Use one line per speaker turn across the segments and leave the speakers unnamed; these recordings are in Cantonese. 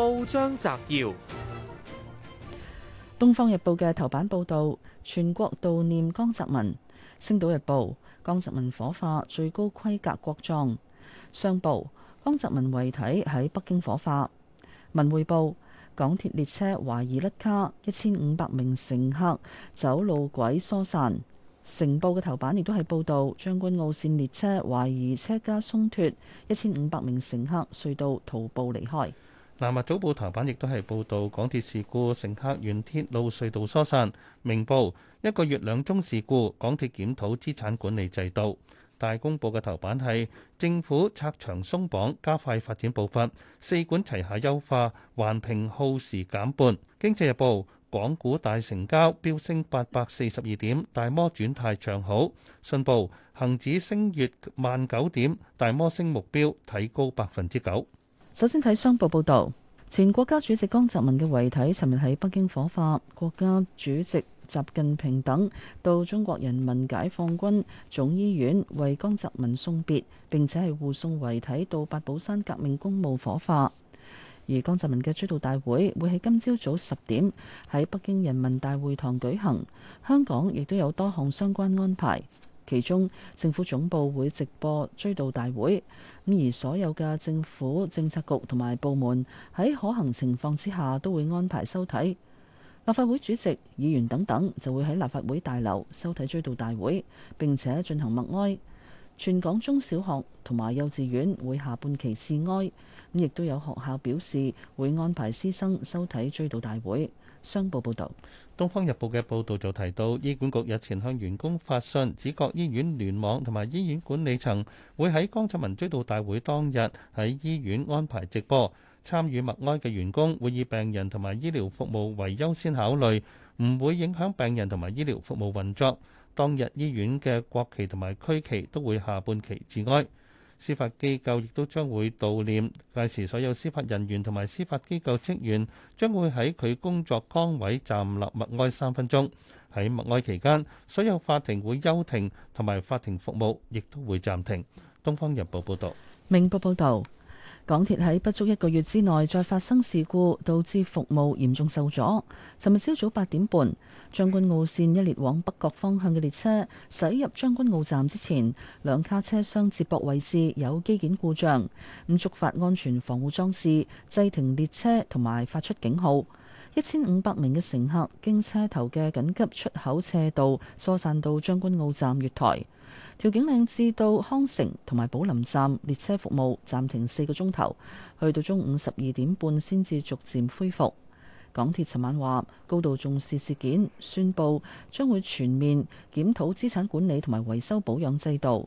報章摘要：《東方日報》嘅頭版報道全國悼念江澤民，《星島日報》江澤民火化最高規格國葬，《商報》江澤民遺體喺北京火化，《文匯報》港鐵列車懷疑甩卡，一千五百名乘客走路軌疏散，《成報》嘅頭版亦都係報道將軍澳綫列車懷疑車架鬆脫，一千五百名乘客隧道徒步離開。
南華早報頭版亦都係報導港鐵事故，乘客沿鐵路隧道疏散。明報一個月兩宗事故，港鐵檢討資產管理制度。大公報嘅頭版係政府拆牆鬆綁，加快發展步伐，四管齊下優化環評耗時減半。經濟日報港股大成交，飆升八百四十二點，大摩轉態向好。信報恒指升越萬九點，大摩升目標提高百分之九。
首先睇商報報道，前國家主席江澤民嘅遺體尋日喺北京火化，國家主席習近平等到中國人民解放軍總醫院為江澤民送別，並且係護送遺體到八寶山革命公墓火化。而江澤民嘅追悼大會會喺今朝早十點喺北京人民大會堂舉行，香港亦都有多項相關安排。其中，政府總部會直播追悼大會，咁而所有嘅政府政策局同埋部門喺可行情況之下都會安排收睇。立法會主席、議員等等就會喺立法會大樓收睇追悼大會，並且進行默哀。全港中小學同埋幼稚園會下半旗致哀，咁亦都有學校表示會安排師生收睇追悼大會。商報報導，
《東方日報》嘅報導就提到，醫管局日前向員工發信，指各醫院聯網同埋醫院管理層會喺江澤民追悼大會當日喺醫院安排直播，參與默哀嘅員工會以病人同埋醫療服務為優先考慮，唔會影響病人同埋醫療服務運作。當日醫院嘅國旗同埋區旗都會下半旗致哀。司法機構亦都將會悼念，屆時所有司法人員同埋司法機構職員將會喺佢工作崗位站立默哀三分鐘。喺默哀期間，所有法庭會休庭，同埋法庭服務亦都會暫停。《東方日報》報道，
明報報道。港鐵喺不足一個月之內再發生事故，導致服務嚴重受阻。尋日朝早八點半，將軍澳線一列往北角方向嘅列車駛入將軍澳站之前，兩卡車廂接駁位置有機件故障，咁觸發安全防護裝置，制停列車同埋發出警號。一千五百名嘅乘客經車頭嘅緊急出口斜道疏散到將軍澳站月台。調景嶺至到康城同埋寶林站列車服務暫停四個鐘頭，去到中午十二點半先至逐漸恢復。港鐵尋晚話，高度重視事件，宣布將會全面檢討資產管理同埋維修保養制度。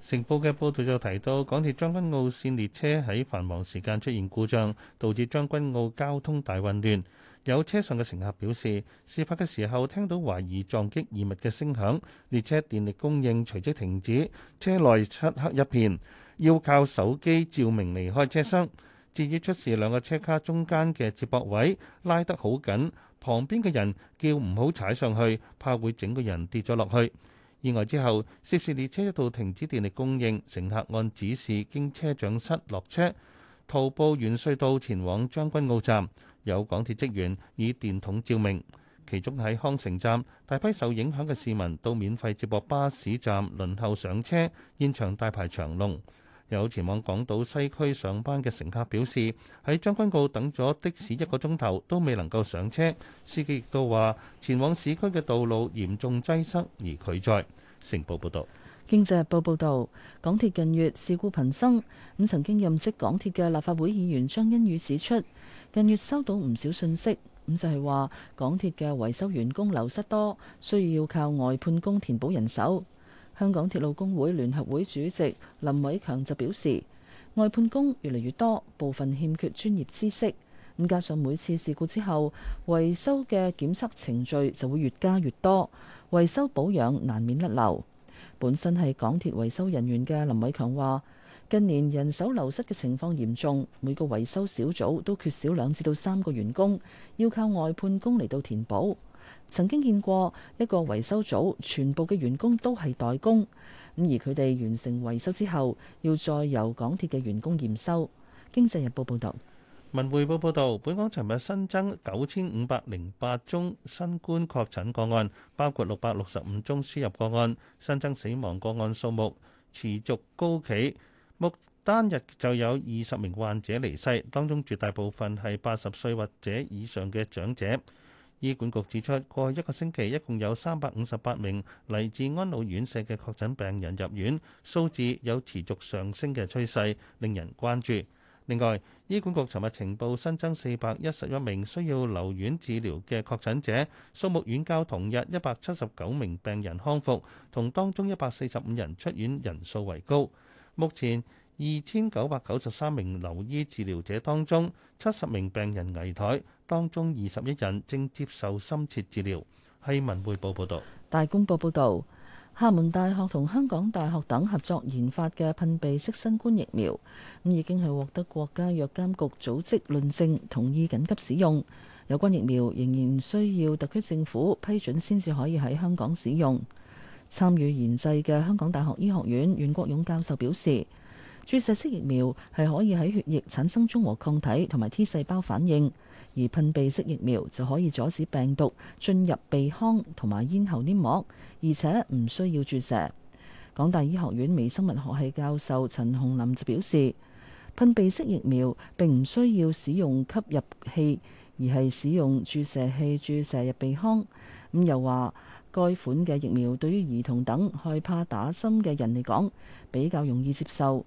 成報嘅報導就提到，港鐵將軍澳線列車喺繁忙時間出現故障，導致將軍澳交通大混亂。有車上嘅乘客表示，事發嘅時候聽到懷疑撞擊異物嘅聲響，列車電力供應隨即停止，車內漆黑一片，要靠手機照明離開車廂。至於出事兩個車卡中間嘅接駁位拉得好緊，旁邊嘅人叫唔好踩上去，怕會整個人跌咗落去。意外之後，涉事列車一度停止電力供應，乘客按指示經車長室落車，徒步沿隧道前往將軍澳站。有港鐵職員以電筒照明。其中喺康城站，大批受影響嘅市民到免費接駁巴士站輪候上車，現場大排長龍。有前往港島西區上班嘅乘客表示，喺將軍澳等咗的士一個鐘頭都未能夠上車，司機亦都話前往市區嘅道路嚴重擠塞而拒載，成報報道。
經濟日報報道港鐵近月事故頻生，咁曾經任職港鐵嘅立法會議員張欣宇指出，近月收到唔少信息，咁就係話港鐵嘅維修員工流失多，需要靠外判工填補人手。香港鐵路工會聯合會主席林偉強就表示，外判工越嚟越多，部分欠缺專業知識，咁加上每次事故之後，維修嘅檢測程序就會越加越多，維修保養難免甩漏。本身係港鐵維修人員嘅林偉強話，近年人手流失嘅情況嚴重，每個維修小組都缺少兩至到三個員工，要靠外判工嚟到填補。曾經見過一個維修組，全部嘅員工都係代工，咁而佢哋完成維修之後，要再由港鐵嘅員工驗收。經濟日報報道，
文匯報報道，本港尋日新增九千五百零八宗新冠確診個案，包括六百六十五宗輸入個案，新增死亡個案數目持續高企，目單日就有二十名患者離世，當中絕大部分係八十歲或者以上嘅長者。醫管局指出，過去一個星期一共有三百五十八名嚟自安老院舍嘅確診病人入院，數字有持續上升嘅趨勢，令人關注。另外，醫管局尋日呈報新增四百一十一名需要留院治療嘅確診者，數目遠較同日一百七十九名病人康復，同當中一百四十五人出院，人數為高。目前二千九百九十三名留醫治療者當中，七十名病人危殆，當中二十一人正接受深切治療。係文匯報報道，
大公報報道，廈門大學同香港大學等合作研發嘅噴鼻式新冠疫苗，咁已經係獲得國家藥監局組織論證同意緊急使用。有關疫苗仍然需要特區政府批准先至可以喺香港使用。參與研製嘅香港大學醫學院袁國勇教授表示。注射式疫苗係可以喺血液產生中和抗體同埋 T 細胞反應，而噴鼻式疫苗就可以阻止病毒進入鼻腔同埋咽喉黏膜，而且唔需要注射。港大醫學院微生物學系教授陳洪林就表示，噴鼻式疫苗並唔需要使用吸入器，而係使用注射器注射入鼻腔。咁、嗯、又話，該款嘅疫苗對於兒童等害怕打針嘅人嚟講，比較容易接受。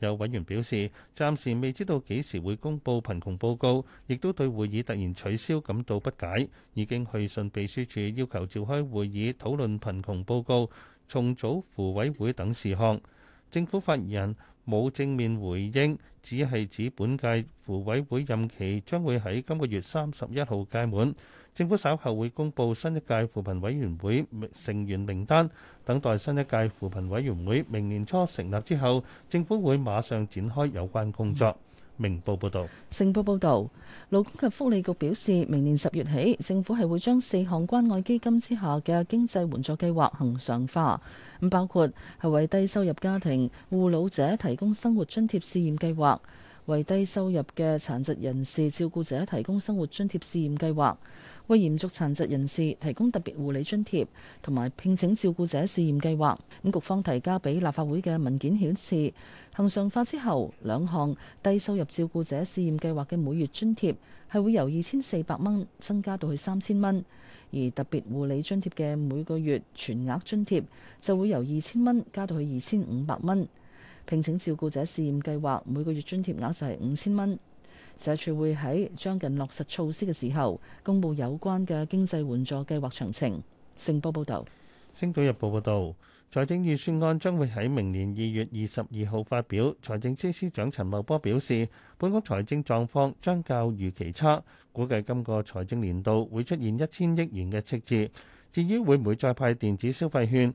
有委員表示，暫時未知道幾時會公佈貧窮報告，亦都對會議突然取消感到不解，已經去信秘書處要求召開會議討論貧窮報告、重組扶委會等事項。政府發言人冇正面回應，只係指本屆扶委會任期將會喺今個月三十一號屆滿。政府稍後會公布新一屆扶貧委員會成員名單，等待新一屆扶貧委員會明年初成立之後，政府會馬上展開有關工作。明報報導，
成報報導，勞工及福利局表示，明年十月起，政府係會將四項關愛基金之下嘅經濟援助計劃恒常化。咁包括係為低收入家庭、護老者提供生活津貼試驗計劃，為低收入嘅殘疾人士照顧者提供生活津貼試驗計劃。為嚴重殘疾人士提供特別護理津貼，同埋聘請照顧者試驗計劃。咁局方提交俾立法會嘅文件顯示，恆常化之後，兩項低收入照顧者試驗計劃嘅每月津貼係會由二千四百蚊增加到去三千蚊，而特別護理津貼嘅每個月全額津貼就會由二千蚊加到去二千五百蚊。聘請照顧者試驗計劃每個月津貼額就係五千蚊。社署會喺將近落實措施嘅時候公布有關嘅經濟援助計劃詳情。成報報道，
星島日報報道，財政預算案將會喺明年二月二十二號發表。財政司司長陳茂波表示，本港財政狀況將較預期差，估計今個財政年度會出現一千億元嘅赤字。至於會唔會再派電子消費券？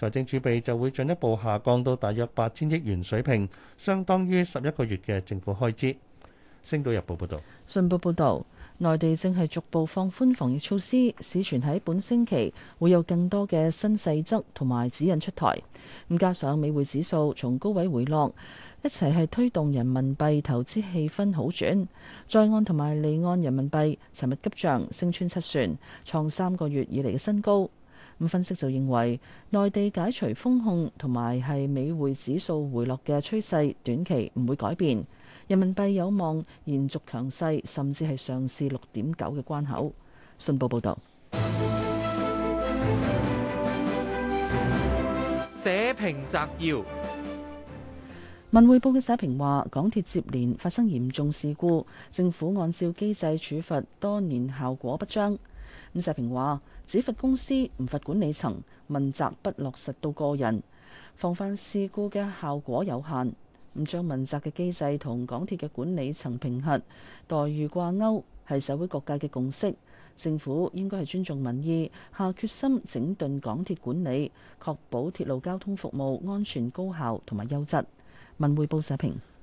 財政儲備就會進一步下降到大約八千億元水平，相當於十一個月嘅政府開支。星島日報報道：
「信報報道，內地正係逐步放寬防疫措施，市傳喺本星期會有更多嘅新細則同埋指引出台。咁加上美匯指數從高位回落，一齊係推動人民幣投資氣氛好轉。在岸同埋離岸人民幣，尋日急漲，升穿七船，創三個月以嚟嘅新高。咁分析就認為，內地解除封控同埋係美匯指數回落嘅趨勢，短期唔會改變。人民幣有望延續強勢，甚至係上試六點九嘅關口。信報報道。
社評摘要：
文匯報嘅社評話，港鐵接連發生嚴重事故，政府按照機制處罰多年，效果不彰。咁社評話。只罰公司唔罰管理層，問責不落實到個人，防範事故嘅效果有限。唔將問責嘅機制同港鐵嘅管理層平衡，待遇掛鈎，係社會各界嘅共識。政府應該係尊重民意，下決心整頓港鐵管理，確保鐵路交通服務安全高效同埋優質。文匯報社評。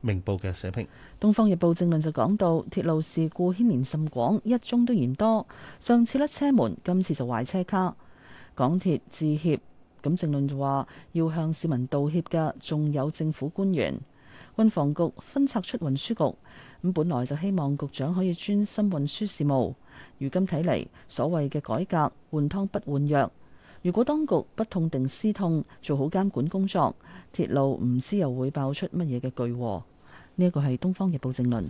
明報嘅社評，
《東方日報》政論就講到鐵路事故牽連甚廣，一宗都嫌多。上次甩車門，今次就壞車卡。港鐵致歉，咁政論就話要向市民道歉嘅，仲有政府官員。運房局分拆出運輸局，咁本來就希望局長可以專心運輸事務，如今睇嚟所謂嘅改革換湯不換藥。如果當局不痛定思痛，做好監管工作，鐵路唔知又會爆出乜嘢嘅巨禍。呢一個係《東方日報》政論。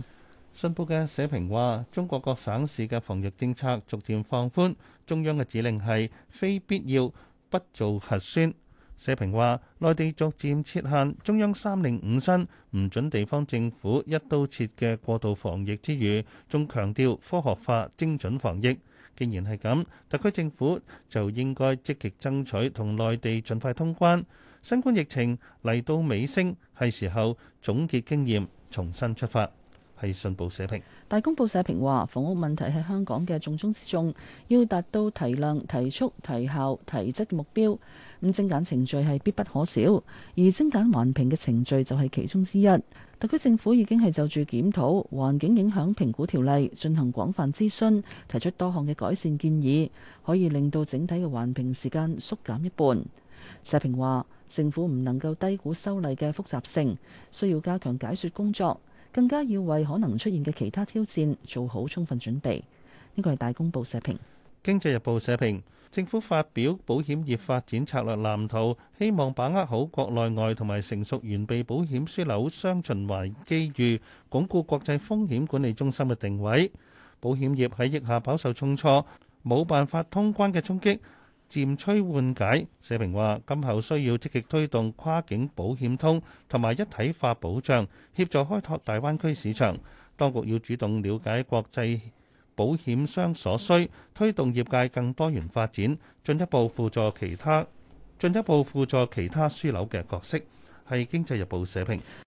新報嘅社評話，中國各省市嘅防疫政策逐漸放寬，中央嘅指令係非必要不做核酸。社評話，內地逐漸撤限，中央三令五申唔准地方政府一刀切嘅過度防疫之餘，仲強調科學化、精準防疫。既然係咁，特區政府就應該積極爭取同內地盡快通關。新冠疫情嚟到尾聲，係時候總結經驗，重新出發。係信報社評。
大公報社評話房屋問題係香港嘅重中之重，要達到提量、提速、提效、提質嘅目標，咁精簡程序係必不可少。而精簡環評嘅程序就係其中之一。特區政府已經係就住檢討環境影響評估條例進行廣泛諮詢，提出多項嘅改善建議，可以令到整體嘅環評時間縮減一半。社評話政府唔能夠低估修例嘅複雜性，需要加強解說工作。更加要為可能出現嘅其他挑戰做好充分準備。呢個係大公報社評，
《經濟日報》社評，政府發表保險業發展策略藍圖，希望把握好國內外同埋成熟完備保險樞紐雙循環機遇，鞏固國際風險管理中心嘅定位。保險業喺疫下飽受重挫，冇辦法通關嘅衝擊漸趨緩解，社評話：今後需要積極推動跨境保險通同埋一體化保障，協助開拓大灣區市場。當局要主動了解國際保險商所需，推動業界更多元發展，進一步輔助其他進一步輔助其他樞紐嘅角色，係經濟日報社評。